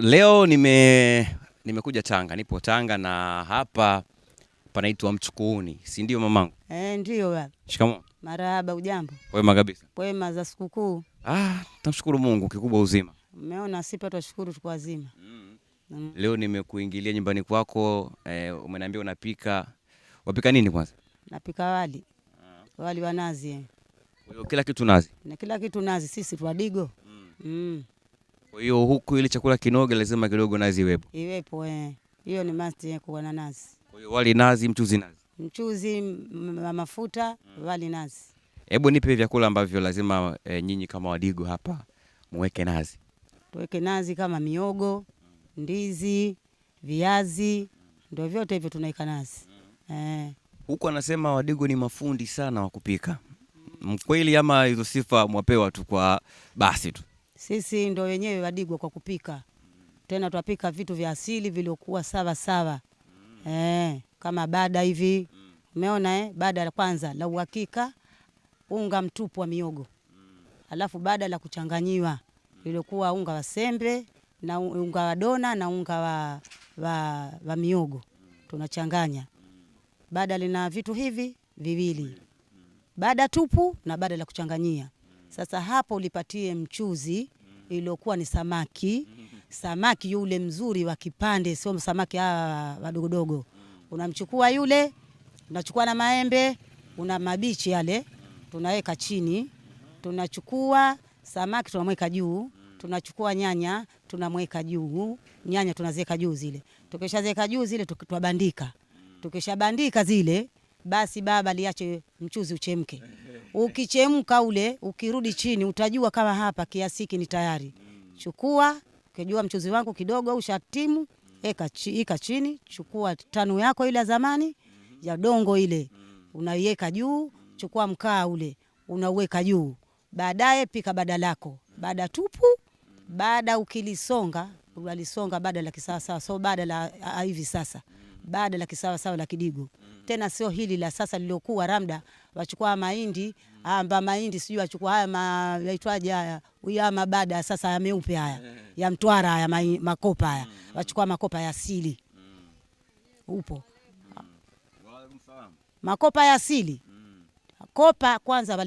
Leo nime nimekuja Tanga, nipo Tanga na hapa panaitwa Mchukuuni, si ndio mamangu? Eh, ndio baba. Shikamoo. Marahaba, ujambo? Kwema kabisa. Kwema za sikukuu. Ah, tunamshukuru Mungu kikubwa uzima. Umeona sipa twashukuru tuko wazima. Mm. Mm. Leo nimekuingilia nyumbani kwako eh, umeniambia unapika. Wapika nini kwanza? Napika wali. Ah. Wali wa nazi. Eh. Kwa hiyo Kila kitu nazi. Na kila kitu nazi sisi tuadigo. Mm. Mm. Kwa hiyo huku ili chakula kinoge, lazima kidogo nazi iwepo. Iwepo eh, hiyo ni must ya eh, kuwa na nazi. Kwa hiyo wali nazi, mchuzi nazi, mchuzi wa mafuta, hmm. wali nazi. Hebu nipe vyakula ambavyo lazima e, nyinyi kama Wadigo hapa muweke nazi. Tuweke nazi kama miogo, ndizi, viazi, ndio vyote hivyo tunaika nazi Hmm. eh. Huko anasema Wadigo ni mafundi sana wa kupika, mkweli ama hizo sifa mwapewa tu kwa basi tu? Sisi ndo wenyewe Wadigwa kwa kupika, tena twapika vitu vya asili viliokuwa sawa sawa mm. eh, kama bada hivi mm. umeona eh, bada la kwanza la uhakika, unga mtupu wa miogo mm. alafu bada la kuchanganyiwa iliokuwa unga wa sembe na unga wa dona na unga wa, wa, wa miogo tunachanganya. Bada lina vitu hivi viwili, bada tupu na bada la kuchanganyia. Sasa hapo ulipatie mchuzi iliyokuwa ni samaki, samaki yule mzuri wa kipande, sio samaki hawa wadogodogo. Unamchukua yule, unachukua na maembe, una mabichi yale tunaweka chini, tunachukua samaki tunamweka juu, tunachukua nyanya tunamweka juu, nyanya tunaziweka juu zile, tukishaziweka juu zile twabandika, tukishabandika zile basi baba liache mchuzi uchemke. Ukichemka ule, ukirudi chini, utajua kama hapa kiasi hiki ni tayari. Chukua, ukijua mchuzi wangu kidogo ushatimu, shatimu, eka ika chini, chukua tanu yako ile ya zamani ya dongo ile, unaiweka juu. Chukua mkaa ule, unaweka juu, baadaye pika bada lako, bada tupu, bada ukilisonga, unalisonga bada la kisasa, so bada la hivi sasa baada la sawa la kidigo mm. Tena sio hili la sasa liliokuwa ramda wachukua mahindi mm. Mm-hmm. amba ah, mahindi sijui wachukua haya ma, yaitwaje haya ama mabada sasa ya meupe haya yeah. Mm-hmm. ya Mtwara haya ma, makopa haya mm. wachukua makopa ya asili mm. upo mm. makopa ya asili mm. kopa kwanza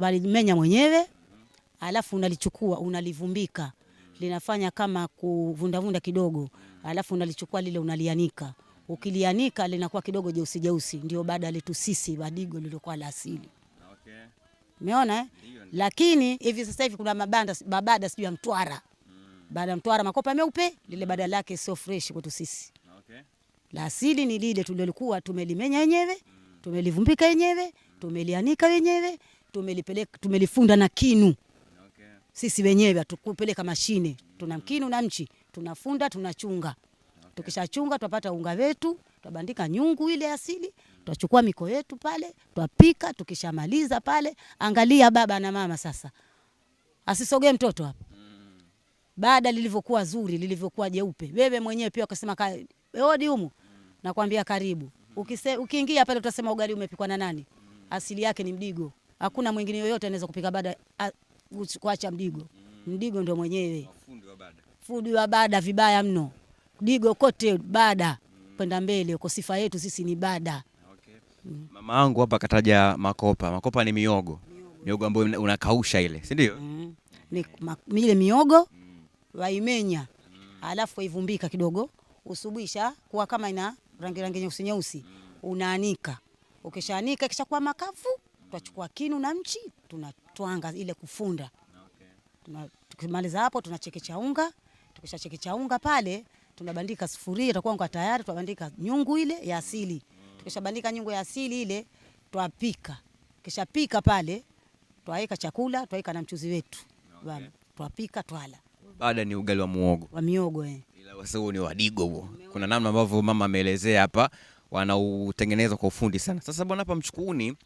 walimenya mwenyewe mm. alafu unalichukua unalivumbika linafanya kama kuvundavunda kidogo, alafu unalichukua lile unalianika ukilianika linakuwa kidogo jeusi jeusi, ndio badala letu sisi wadigo lilikuwa la asili. Okay. Umeona eh? Lakini hivi sasa hivi kuna mabanda mabada sijui ya Mtwara. Mm. Baada ya Mtwara makopa meupe lile badala yake sio fresh kwetu sisi. Okay. La asili ni lile tulilokuwa tumelimenya wenyewe, mm. tumelivumbika wenyewe, mm. tumelianika wenyewe, tumelipeleka tumelifunda na kinu. Okay. Sisi wenyewe tukupeleka mashine. Tuna mkinu hmm. na mchi, tunafunda, tunachunga. Tukishachunga twapata unga wetu, twabandika nyungu ile asili, twachukua miko yetu pale, twapika. Tukishamaliza pale, angalia baba na mama sasa, asisogee mtoto hapa. Bada lilivyokuwa zuri, lilivyokuwa jeupe, wewe mwenyewe pia ukasema ka odi humu, nakwambia karibu. Ukise, ukiingia pale utasema ugali umepikwa na nani? Asili yake ni mdigo. Hakuna mwingine yoyote anaweza kupika bada kuacha mdigo. Mdigo ndio mwenyewe fundi wa bada, fundi wa bada vibaya mno digo kote bada kwenda mbele uko, sifa yetu sisi ni bada. Okay. Mm. Mama yangu hapa kataja makopa. Makopa ni miogo, miogo ambayo unakausha ile, si ndio? Mm. Ni ile miogo mm. waimenya mm. alafu waivumbika kidogo, usubisha kuwa kama ina rangi rangi nyeusi nyeusi, mm. unaanika. Ukishaanika kishakuwa makavu, tunachukua kinu na mchi tunatwanga ile kufunda. Okay. Tukimaliza hapo tunachekecha unga, tukishachekecha unga pale tunabandika sufuria, itakuwa ngwa tayari, tunabandika nyungu ile ya asili. Tukishabandika nyungu ya asili ile, twapika. Kisha pika pale, twaweka chakula, twaweka na mchuzi wetu. Okay. Twapika twala. Baada ni ugali wa muogo. Wa miogo eh. Ila wasa huo ni wadigo huo. Kuna namna ambavyo mama ameelezea hapa wanautengeneza kwa ufundi sana. Sasa bwana, hapa Mchukuni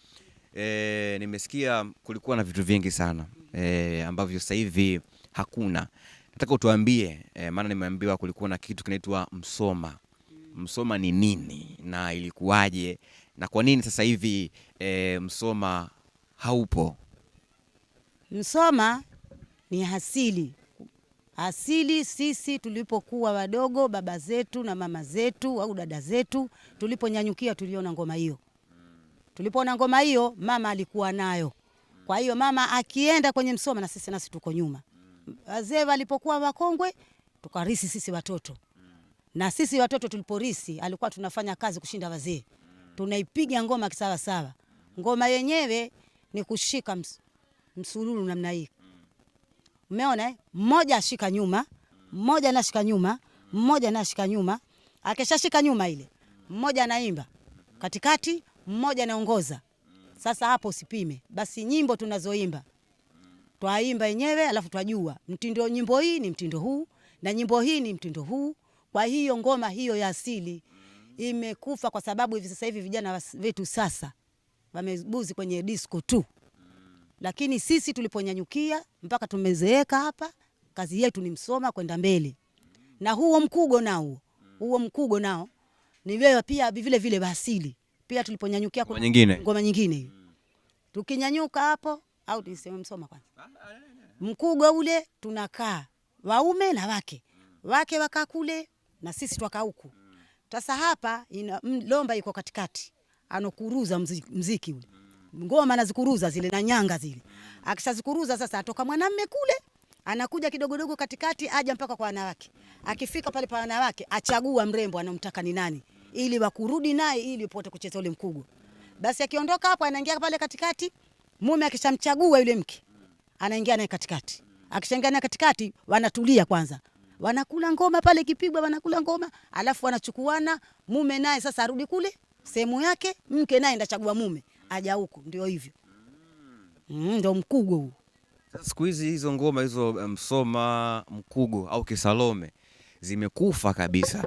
e, eh, nimesikia kulikuwa na vitu vingi sana e, ambavyo sasa hivi hakuna nataka utuambie eh, maana nimeambiwa kulikuwa na kitu kinaitwa Msoma. Msoma ni nini na ilikuwaje na kwa nini sasa hivi eh, Msoma haupo? Msoma ni asili asili. Sisi tulipokuwa wadogo, baba zetu na mama zetu au dada zetu, tuliponyanyukia tuliona ngoma hiyo. Tulipoona ngoma hiyo, mama alikuwa nayo. Kwa hiyo mama akienda kwenye Msoma na sisi nasi tuko nyuma wazee walipokuwa wakongwe tukarisi sisi watoto, na sisi watoto tuliporisi, alikuwa tunafanya kazi kushinda wazee, tunaipiga ngoma kisawasawa. Ngoma yenyewe ni kushika ms msululu namna hii, umeona, eh? mmoja ashika nyuma, mmoja anashika nyuma, mmoja anashika nyuma. Akishashika nyuma ile, mmoja anaimba katikati, mmoja anaongoza. Sasa hapo usipime basi nyimbo tunazoimba twaimba yenyewe, alafu twajua mtindo, nyimbo hii ni mtindo huu na nyimbo hii ni mtindo huu. Kwa hiyo ngoma hiyo ya asili imekufa kwa sababu hivi sasa hivi vijana wetu sasa wamebuzi kwenye disco tu, lakini sisi tuliponyanyukia mpaka tumezeeka hapa, kazi yetu ni msoma kwenda mbele, na huo mkugo nao huo mkugo nao ni wewe pia vile vile basili pia tuliponyanyukia ngoma nyingine, ngoma nyingine tukinyanyuka hapo au niseme Msoma kwanza. Ah, ah, eh, eh, eh. Mkugo ule tunakaa waume na wake mm. wake wakaa kule na sisi twakaa huku. Mm. Sasa hapa ina lomba iko katikati, anokuruza mziki, mziki ule mm. ngoma nazikuruza zile na nyanga zile, akishazikuruza sasa atoka mwanamme kule anakuja kidogodogo katikati aja mpaka kwa wanawake. Akifika pale pa wanawake achagua mrembo anamtaka ni nani, ili wakurudi naye ili upote kucheza ule mkugo. Basi akiondoka hapo anaingia pale katikati Mume akishamchagua yule mke anaingia naye katikati, akishaingia naye katikati wanatulia kwanza, wanakula ngoma pale, kipigwa wanakula ngoma, alafu wanachukuana. Mume naye sasa arudi kule sehemu yake, mke naye ndachagua mume aja huku, ndio hivyo mm, ndio mkugo huu. Siku hizi hizo ngoma hizo Msoma, um, mkugo au kisalome zimekufa kabisa.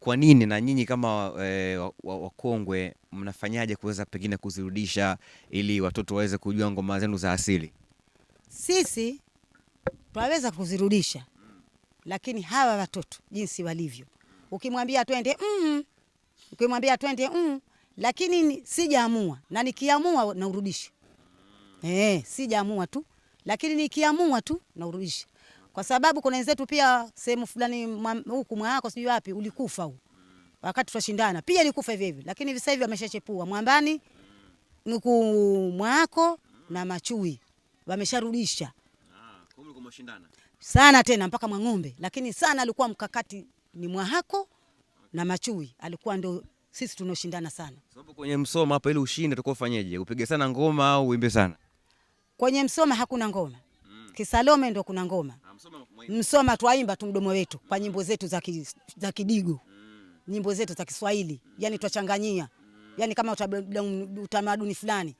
Kwa nini? Na nyinyi kama e, wakongwe mnafanyaje kuweza pengine kuzirudisha ili watoto waweze kujua ngoma zenu za asili? Sisi twaweza kuzirudisha, lakini hawa watoto jinsi walivyo, ukimwambia twende mm, ukimwambia twende mm, lakini sijaamua na nikiamua naurudisha. Eh, sijaamua tu, lakini nikiamua tu naurudisha, kwa sababu kuna wenzetu pia sehemu fulani huku Mwaako sijui wapi ulikufa huko wakati tunashindana pia alikufa hivi hivi, lakini sasa hivi ameshachepua mwambani nuku mwako na machui wamesharudisha sana tena mpaka Mwang'ombe, lakini sana alikuwa mkakati ni Mwahako na Machui, alikuwa ndo sisi tunaoshindana sana. Sababu kwenye Msoma hapa ili ushinde utakuwa ufanyeje? Upige sana ngoma au uimbe sana? Kwenye Msoma hakuna ngoma mm. Kisalome ndo kuna ngoma ha, ah, Msoma, Msoma twaimba tu mdomo wetu kwa nyimbo zetu za Kidigo nyimbo zetu za Kiswahili, yani twachanganyia, yani kama utamaduni fulani,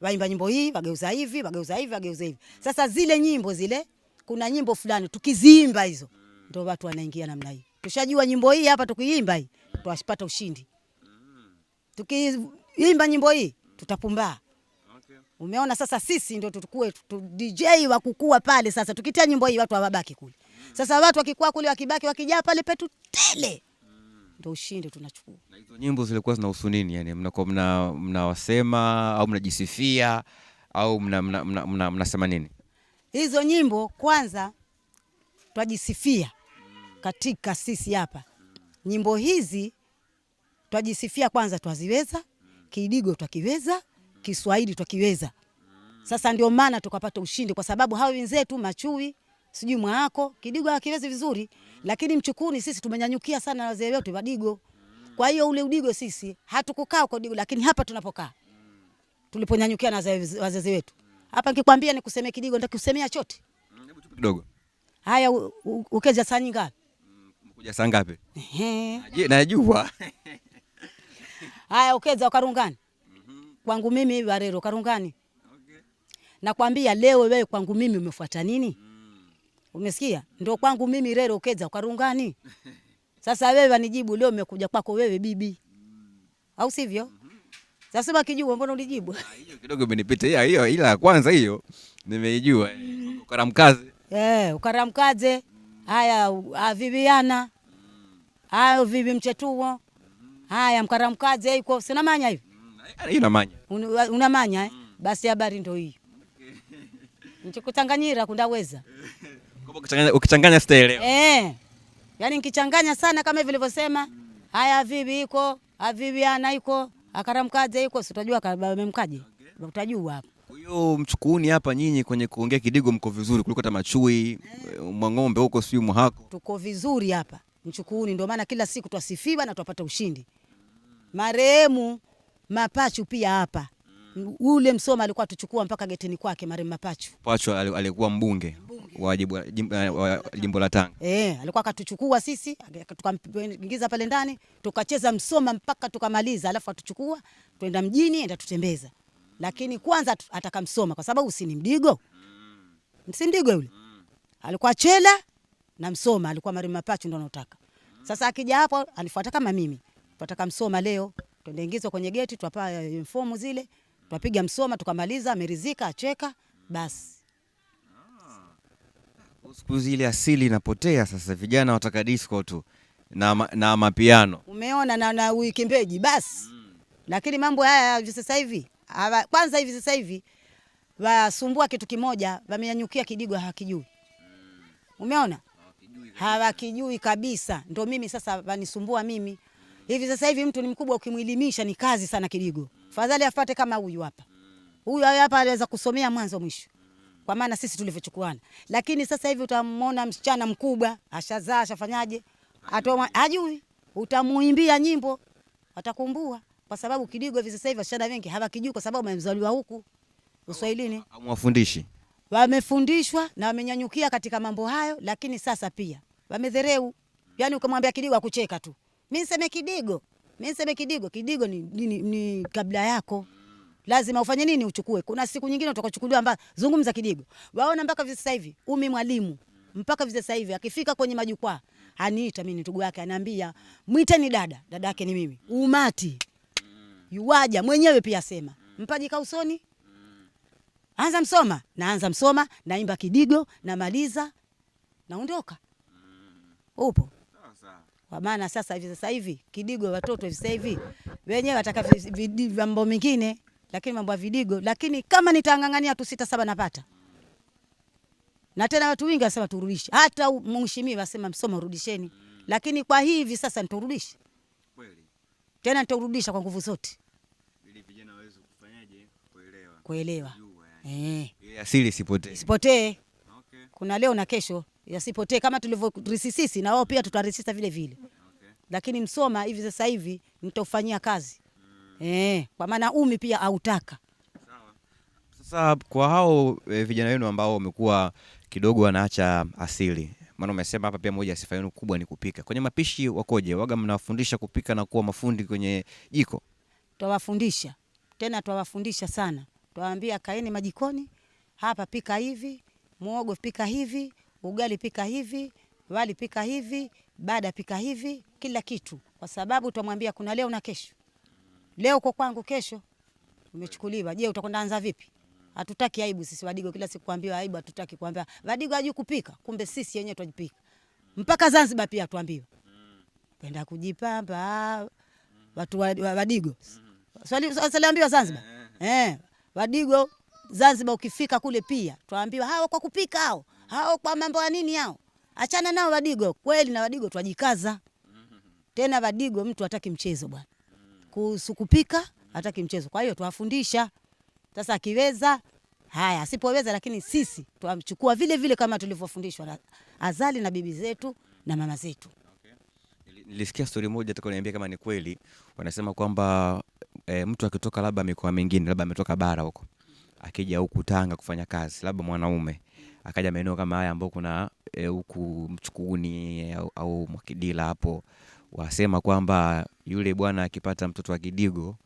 waimba nyimbo hii wageuza hivi wageuza hivi wageuza hivi. Sasa zile nyimbo zile, kuna nyimbo fulani tukiziimba hizo, ndio watu wanaingia namna hii. Tushajua nyimbo hii hapa, tukiimba hii tutapata ushindi, tukiimba nyimbo hii tutapumbaa. Umeona, sasa sisi ndio tukue tu DJ wa kukua pale. Sasa tukitia nyimbo hii watu hawabaki kule. Sasa watu wakikua kule, wakibaki wakijaa pale petu tele ndo ushindi tunachukua. Na hizo nyimbo zilikuwa zinahusu nini? Yani mnakuwa mna mnawasema au mnajisifia au mnasema mna, mna, mna nini? Hizo nyimbo kwanza twajisifia katika sisi hapa, nyimbo hizi twajisifia kwanza, twaziweza Kidigo twakiweza, Kiswahili twakiweza. Sasa ndio maana tukapata ushindi, kwa sababu hao wenzetu Machui sijui Mwaako Kidigo hakiwezi vizuri, lakini Mchukuni sisi tumenyanyukia sana wazee wetu Wadigo. Kwa hiyo ule Udigo sisi hatukukaa kwa Udigo, lakini hapa tunapokaa tuliponyanyukia na wazazi wetu. Hapa nikikwambia nikuseme Kidigo, nitakusemea chote mm, kidogo. Haya, ukeza saa ngapi? Mkuja mm, saa ngapi? Je, najua haya ukeza ukarungani mm-hmm. kwangu mimi Barero karungani. Okay. Nakwambia leo wewe kwangu mimi umefuata nini? Mm. Umesikia? Ndio kwangu mimi rero keza rungani. Sasa wewe wanijibu leo nimekuja kwako wewe bibi. Au sivyo? Mm-hmm. Sasa bakijua mbona ulijibu? Ah, hiyo kidogo imenipita. Hiyo ila ya kwanza hiyo nimeijua. Ukaramkaze. Eh, ukaramkaze. Haya aviviana. Ah, mm. Hayo ah, vivi mchetuo. Mm-hmm. Haya mkaramkaze iko sina manya hivi. Mm, Ina manya. Una manya eh? Mm. Basi habari ndio hii. Nchikutanganyira kundaweza. Ukichanganya stereo. Eh. Yaani nikichanganya sana kama hivi nilivyosema, haya vibi iko, avibi ana iko, akaramkaje iko, si utajua amemkaje. Okay. Utajua hapo. Huyo mchukuni hapa nyinyi kwenye kuongea Kidigo mko vizuri kuliko hata Machui, eh. Mwang'ombe huko sijui Mwahako. Tuko vizuri hapa Mchukuni ndio maana kila siku twasifiwa na twapata ushindi. Marehemu Mapachu pia hapa mm. ule Msoma alikuwa tuchukua mpaka getini kwake, marehemu Mapachu Pachu alikuwa mbunge wa jimbo jimbo eh, wa la Tanga. Eh, alikuwa akatuchukua sisi tukaingiza pale ndani tukacheza Msoma mpaka tukamaliza, alafu atuchukua twenda mjini, enda tutembeza, lakini kwanza ataka Msoma kwa sababu si ni Mdigo, mm. si Mdigo yule mm. alikuwa Chela na Msoma alikuwa Mariam Mapachu ndo anotaka sasa. Akija hapo alifuata kama mimi, twataka Msoma leo, twende ingizwe kwenye geti, twapaa fomu zile, twapiga Msoma, tukamaliza, ameridhika, acheka basi siku ile asili inapotea. Sasa vijana wataka disco tu na, na mapiano umeona na, na uikimbeji basi mm. Lakini mambo haya hivi sasa hivi kwanza, hivi sasa hivi wasumbua kitu kimoja, wamenyanyukia kidigo mm. umeona hawakijui kabisa. Ndo mimi sasa wanisumbua mimi hivi sasa hivi. Mtu ni mkubwa, ukimwilimisha ni kazi sana. Kidigo fadhali afate kama huyu hapa, huyu hapa anaweza kusomea mwanzo mwisho kwa maana sisi tulivyochukuana. Lakini sasa hivi utamwona msichana mkubwa ashazaa, ashafanyaje, hajui, utamuimbia nyimbo atakumbua, kwa sababu Kidigo hivi sasa hivi wasichana wengi hawakijui, kwa sababu wamezaliwa huku uswahilini, amwafundishi wamefundishwa na wamenyanyukia katika mambo hayo, lakini sasa pia wamedhereu. Yani ukamwambia Kidigo akucheka tu, mi nseme Kidigo, mi nseme Kidigo. Kidigo ni, ni, ni kabla yako lazima ufanye nini? Uchukue. Kuna siku nyingine utakachukuliwa mpaka zungumza kidigo. Waona mpaka sasa hivi umi mwalimu mpaka hivi sasa hivi akifika kwenye majukwaa aniita mimi ndugu yake, anaambia mwiteni dada, dada yake ni mimi. Umati yuwaja mwenyewe pia sema mpaji kausoni, anza msoma, naanza msoma, naimba kidigo, namaliza, naondoka. Upo kwa maana sasa hivi sasa hivi kidigo watoto hivi sasa hivi wenyewe wataka vambo mingine lakini mambo ya vidigo, lakini kama nitang'ang'ania tu sita saba napata na tena watu wingi wasema turudishe, hata mheshimiwa asema msoma rudisheni, mm. lakini kwa hivi sasa niturudishe kweli, tena niturudisha kwa nguvu zote, ili vijana waweze kufanyaje kuelewa, kuelewa eh, ili asili isipotee, isipotee. Okay. Kuna leo na kesho, yasipotee kama tulivyorisisi sisi, na wao pia tutarisisa vile vile. Okay. Lakini msoma hivi sasa hivi nitaufanyia kazi eh, kwa maana umi pia autaka. Sawa. Sasa kwa hao e, vijana wenu ambao wamekuwa kidogo wanaacha asili maana umesema hapa pia moja ya sifa yenu kubwa ni kupika. Kwenye mapishi wakoje? Waga mnawafundisha kupika na kuwa mafundi kwenye jiko? Twawafundisha tena, twawafundisha sana, twawaambia kaeni majikoni hapa, pika hivi, muogo pika hivi, ugali pika hivi, wali pika hivi, bada pika hivi, kila kitu, kwa sababu twamwambia kuna leo na kesho. Leo uko kwangu, kesho umechukuliwa. Je, utakwenda anza vipi? Hatutaki aibu sisi Wadigo, kila siku kuambiwa aibu, hatutaki kuambiwa Wadigo hajui kupika. Kumbe sisi wenyewe tunajipika mpaka Zanzibar pia tuambiwa kwenda kujipamba watu wa, wa, Wadigo saliambiwa Zanzibar eh, Wadigo Zanzibar ukifika kule pia tuambiwa hao kwa kupika hao hao kwa mambo ya nini hao, achana nao Wadigo kweli. Na Wadigo twajikaza tena, Wadigo mtu hataki mchezo bwana kusukupika, hataki mchezo. Kwa hiyo tuwafundisha sasa, akiweza haya, asipoweza lakini sisi tuamchukua vile vile kama tulivyofundishwa na azali na bibi zetu na mama zetu. Nilisikia stori moja niambia kama ni kweli, wanasema kwamba e, mtu akitoka labda mikoa mingine labda ametoka bara huko akija huku Tanga kufanya kazi, labda mwanaume akaja maeneo kama haya ambao kuna eh, huku e, Mchukuni au, au Mwakidila hapo wasema kwamba yule bwana akipata mtoto wa kidigo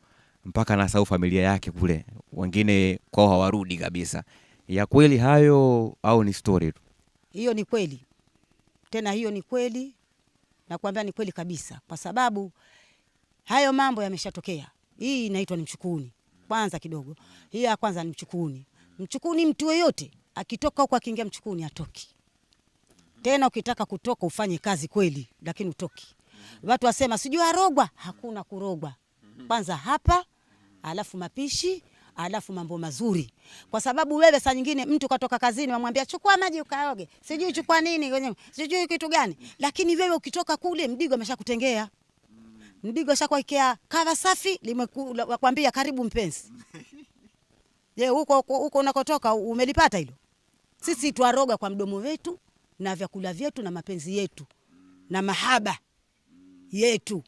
mpaka nasau familia yake kule, wengine kwao hawarudi kabisa. Ya kweli hayo au ni story tu? Hiyo ni kweli, tena hiyo ni kweli, nakwambia ni kweli kabisa, kwa sababu hayo mambo yameshatokea. Hii inaitwa ni mchukuni kwanza kidogo. Hii ya kwanza ni mchukuni. Mchukuni mtu yeyote akitoka huko akiingia mchukuni atoki tena. Ukitaka kutoka ufanye kazi kweli, lakini utoki Watu wasema sijui arogwa, hakuna kurogwa. Kwanza hapa, alafu mapishi, alafu mambo mazuri, kwa sababu wewe saa nyingine mtu katoka kazini, wamwambia chukua maji ukaoge, sijui chukua nini kwenye sijui kitu gani, lakini wewe ukitoka kule Mdigo ameshakutengea Mdigo ashakuwekea kava safi, limekwambia karibu mpenzi. Je, huko huko unakotoka umelipata hilo? Sisi twaroga kwa mdomo wetu na vyakula vyetu na mapenzi yetu na mahaba yetu.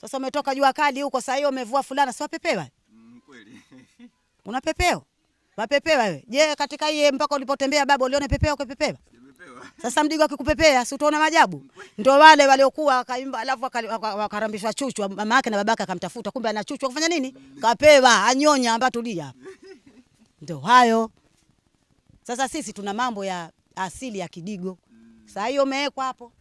Sasa umetoka jua kali huko, saa hiyo umevua fulana, si wapepewa? Mm, kweli una pepeo, wapepewa wewe. Je, katika hii mpaka ulipotembea baba, uliona pepeo? kwa pepeo? sasa mdigo akikupepea, si utaona maajabu? Ndio wale waliokuwa akaimba alafu wakarambishwa chuchu, mama yake na babake akamtafuta, kumbe ana chuchu. Akafanya nini? Kapewa, anyonya amba tulia. Ndio hayo. Sasa sisi tuna mambo ya asili ya Kidigo. Saa hiyo umewekwa hapo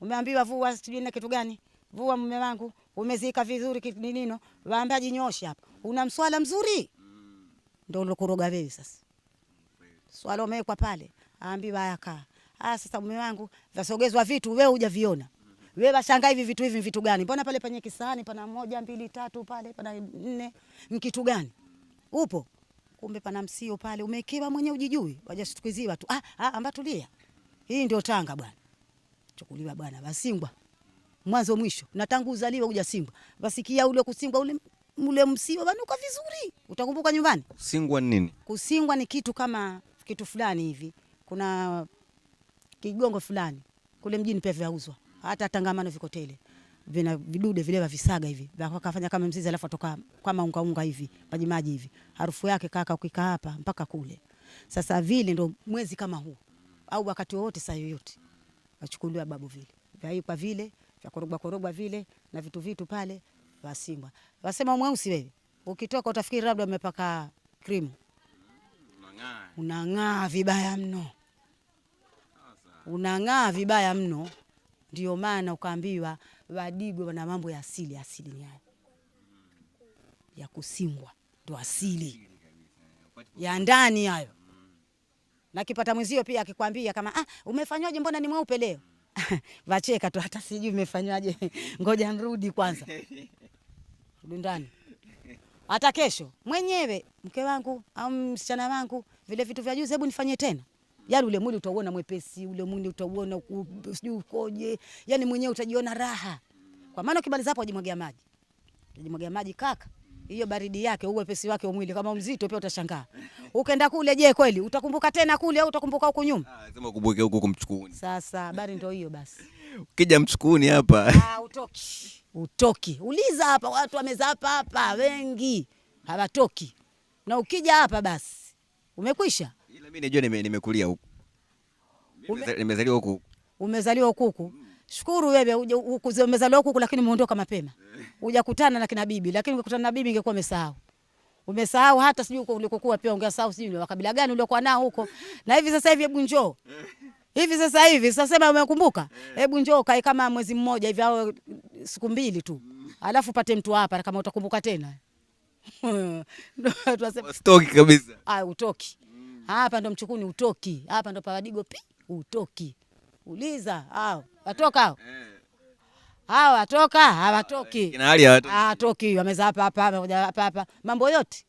umeambiwa vua sijui na kitu gani, vua mume wangu, umezika vizuri kinino, waambia jinyoshe hapa, una mswala mzuri ndo mm. Ndio ulokuroga wewe sasa, swala umewekwa pale, aambiwa haya kaa. Ah, sasa mume wangu, vasogezwa vitu wewe hujaviona mm. wewe washanga hivi vitu hivi vitu gani? Mbona pale penye kisahani pana moja mbili tatu pale pana nne ni kitu gani? Upo. Kumbe pana msio pale umekewa mwenye ujijui, wajashtukiziwa tu. Ah, ah, ambatulia. Hii ndio Tanga bwana chukuliwa bwana Basingwa mwanzo mwisho na tangu uzaliwe kuja Simba wasikia ule kusingwa ule ule msiba bwana uko vizuri, utakumbuka nyumbani. kusingwa ni nini? Kusingwa ni kitu kama kitu fulani hivi, kuna kigongo fulani kule mjini pia vyauzwa, hata tangamano vikotele vina vidude vile vya visaga hivi vakafanya kama mzizi, alafu atoka kama unga unga hivi maji maji hivi, harufu yake kaka, ukika hapa mpaka kule. Sasa vile ndo mwezi kama huu au wakati wote saa yoyote wachukuliwa babu vile vyaikwa vile vyakorogwa korogwa vile na vitu vitu pale wasimbwa. Wasema mweusi wewe, ukitoka utafikiri labda umepaka krimu, unang'aa vibaya mno, unang'aa vibaya mno. Ndio maana ukaambiwa Wadigwe wana mambo ya asili. Asili ni ya kusingwa, ndo asili eh, ya ndani hayo na kipata mwenzio pia akikwambia kama ah, umefanywaje mbona ni mweupe leo? Vacheka tu hata sijui umefanywaje. Ngoja nrudi kwanza. ndani. Hata kesho mwenyewe mke wangu au msichana wangu vile vitu vya juzi hebu nifanye tena. yani ule mwili utauona mwepesi, ule mwili utauona sijui ukoje. yani mwenyewe utajiona raha. Kwa maana ukimaliza hapo ujimwagia maji. Ujimwagia maji kaka hiyo baridi yake, uwepesi wake mwili, kama mzito pia utashangaa. Ukenda kule, je, kweli utakumbuka tena kule au utakumbuka huku nyuma? Ah, lazima ukumbuke huko kumchukuni. Sasa habari ndio hiyo basi. Ukija mchukuni hapa ah, utoki utoki. Uliza hapa, watu wameza hapa hapa wengi hawatoki, na ukija hapa basi umekwisha. Ila mimi najua nimekulia huko. nimezaliwa huko. umezaliwa huko. Shukuru wewe umezaliwa huku lakini umeondoka mapema. Hujakutana na kina bibi, lakini ukikutana na bibi ingekuwa umesahau. Umesahau hata sijui uko ulikokuwa pia ungesahau sijui ni kabila gani uliokuwa nao huko. Na hivi sasa hivi hebu njoo. Hivi sasa hivi sasa sema umekumbuka? Hebu njoo kae kama mwezi mmoja hivi au siku mbili tu. Alafu pate mtu hapa kama utakumbuka tena. utoki kabisa. Ah, utoki. Hapa ndo mchukuni utoki. Hapa ndo pawadigo pi utoki uliza hao watoka hao hao watoka hawatoki, kina hali hawatoki, wameza hapa hapa wamekuja hapa hapa, mambo yote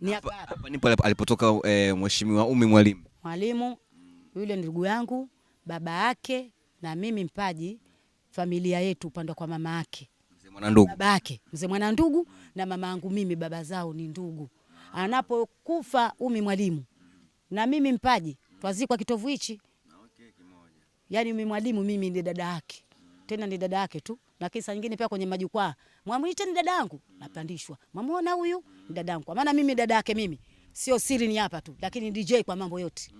ni hapa hapa. Nipo alipotoka e, mheshimiwa umi Mwalimu. Mwalimu yule ndugu yangu baba yake na mimi mpaji familia yetu upande kwa mama yake mzee mwana ndugu, baba mzee mwana ndugu na mama yangu mimi, baba zao ni ndugu. Anapokufa umi Mwalimu na mimi mpaji twazikwa kitovu hichi yani mimi mwalimu mimi ni dada yake, tena ni dada yake tu. Na kisa nyingine pia kwenye majukwaa mwamuite ni dada yangu, napandishwa mwamuona huyu ni dada yangu, kwa maana mimi dada yake mimi, sio siri ni hapa tu, lakini DJ kwa mambo yote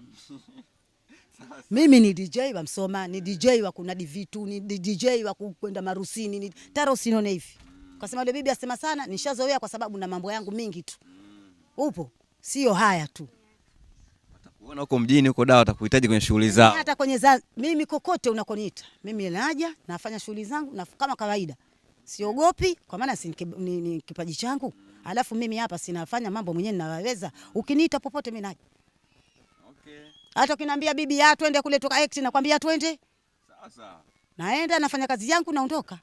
mimi ni DJ wa Msoma, ni DJ wa kunadi vitu, ni DJ wa kwenda marusini, ni taro sinone hivi. Kasema yule bibi asema sana, nishazoea kwa sababu na mambo yangu mingi tu. Mm. Upo, sio haya tu. Unaona huko mjini huko dawa atakuhitaji kwenye shughuli zao. Hata kwenye za mimi kokote unakoniita. Mimi naja nafanya shughuli zangu na kama kawaida. Siogopi kwa maana si ni, ni kipaji changu. Alafu mimi hapa sinafanya mambo mwenyewe ninayoweza. Ukiniita popote mimi naja. Okay. Hata ukiniambia bibi ya ah, twende kule toka X nakwambia twende. Sasa. Naenda nafanya kazi yangu naondoka.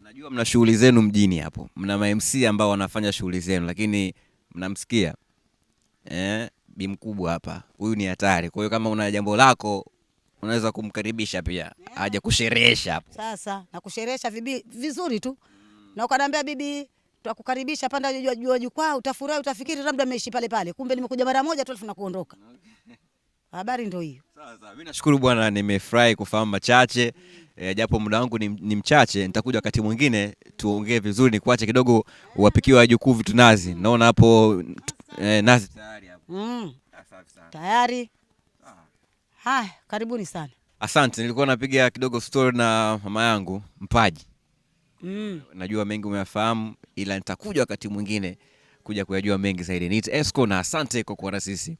Najua mna shughuli zenu mjini hapo. Mna ma MC ambao wanafanya shughuli zenu lakini mnamsikia. Eh, bi mkubwa hapa, huyu ni hatari. Kwa hiyo kama una jambo lako unaweza kumkaribisha pia aje kusherehesha hapo. Sasa na kusherehesha vizuri tu, na ukaniambia bibi tutakukaribisha panda jua jua jukwaa, utafurahi, utafikiri labda nimeishi pale pale, kumbe nimekuja mara moja tu alafu na kuondoka. Habari ndio hiyo. Sasa mimi nashukuru bwana, nimefurahi kufahamu machache mm. e, japo muda wangu ni, ni mchache. Nitakuja wakati mwingine tuongee vizuri, nikuache kidogo uwapikiwa jukuu vitu nazi. Naona hapo e, nazi tayari mm. Tayari. Ah. Haya, karibuni sana. Asante, nilikuwa napiga kidogo stori na mama yangu Mpaji. Mm. Najua mengi umeyafahamu, ila nitakuja wakati mwingine kuja kuyajua mengi zaidi. Niite Esco na asante kwa kuwa na sisi.